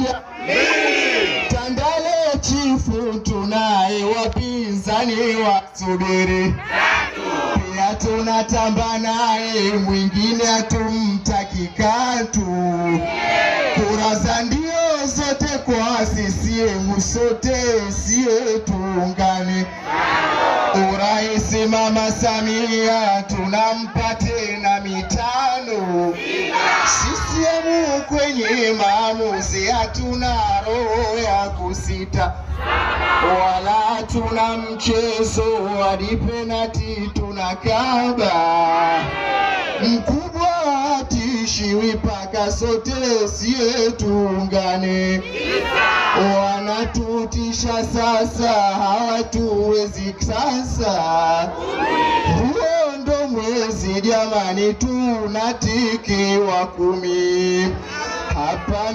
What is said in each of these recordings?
moja Tandale chifu tunaye wapinzani wasubiri, pia tunatamba naye mwingine atumtakikatu katu, kura za ndio zote kwa CCM, sote sie tuungane Uraisi Mama Samia tunampa tena mitano Sita kwenye maamuzi hatuna roho ya kusita wala tuna mchezo wa penati tunakaba mkubwa hatishiwi paka sote siye tuungane wanatutisha sasa hawatuwezi sasa huo ndo mwezi jamani tunatiki wa kumi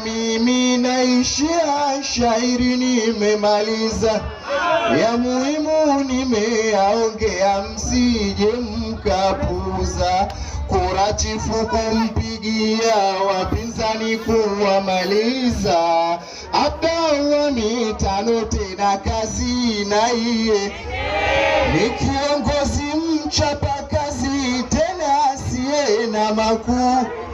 mimi naishia shairi, nimemaliza ya muhimu nimeyaongea, msije mkapuza kuratifu kumpigia wapinzani kuwamaliza. Abdallah mitano tena kazi na iye ni kiongozi mchapa kazi tena asiye na makuu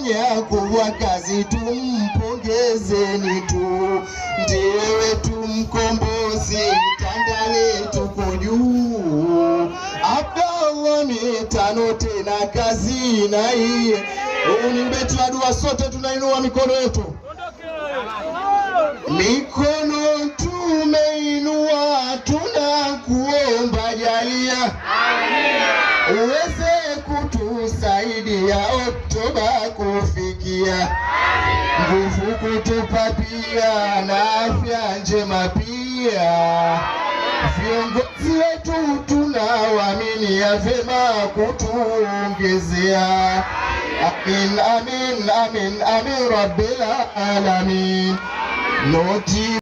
aliyefanya kubwa kazi, tumpongezeni tu, ndiye wetu mkombozi, tanda letu ko juu. Abdallah ni tano tena kazi na iye, unibetu beti sote tunainua mikono yetu, mikono tumeinua, tunakuomba jalia uweze zaidi ya Oktoba kufikia, nguvu kutupa pia na afya njema pia. Viongozi wetu tunawaaminia vyema kutuongezea. Amin, amin, amin, amin, rabbil alamin.